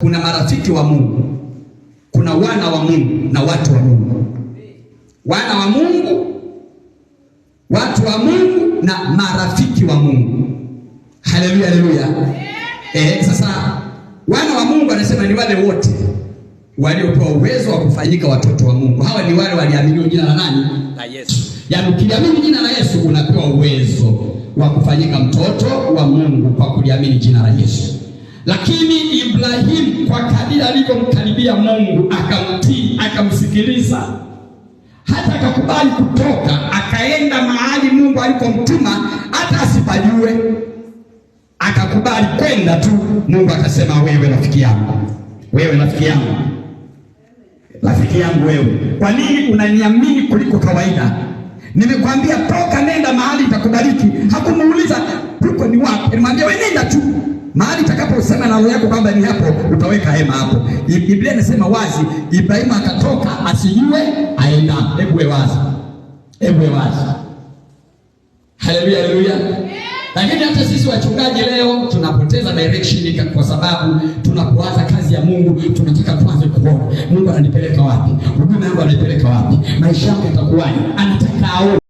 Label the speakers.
Speaker 1: kuna marafiki wa Mungu, kuna wana wa Mungu na watu wa Mungu. Wana wa Mungu, watu wa Mungu na marafiki wa Mungu. Haleluya, haleluya. Eh, sasa wana wa Mungu anasema ni wale wote waliopewa uwezo wa kufanyika watoto wa Mungu. Hawa ni wale waliamini jina la nani? La Yesu. Yaani ukiliamini jina la Yesu unapewa uwezo wa kufanyika mtoto wa Mungu kwa kuliamini jina la Yesu. Lakini Ibrahimu kwa kadiri alivyomkaribia Mungu akamtii, akamsikiliza, hata akakubali kutoka, akaenda mahali Mungu alipomtuma hata asipajue, akakubali kwenda tu. Mungu akasema, wewe rafiki yangu, wewe rafiki yangu, rafiki yangu wewe, kwa nini unaniamini kuliko kawaida? Nimekwambia toka, nenda mahali itakubariki. Hakumuuliza huko ni wapi, alimwambia wewe nenda tu mahali itakaposema na roho yako kwamba ni hapo, utaweka hema hapo. Biblia inasema wazi, Ibrahimu akatoka asijue aenda. Hebu ewe wazi, hebu wazi. Haleluya, haleluya. Lakini hata sisi wachungaji leo tunapoteza direction kwa sababu tunapoanza kazi ya Mungu tunataka tuanze kuona Mungu ananipeleka wapi, huduma yangu ananipeleka wapi, maisha yangu yatakuwaje, anataka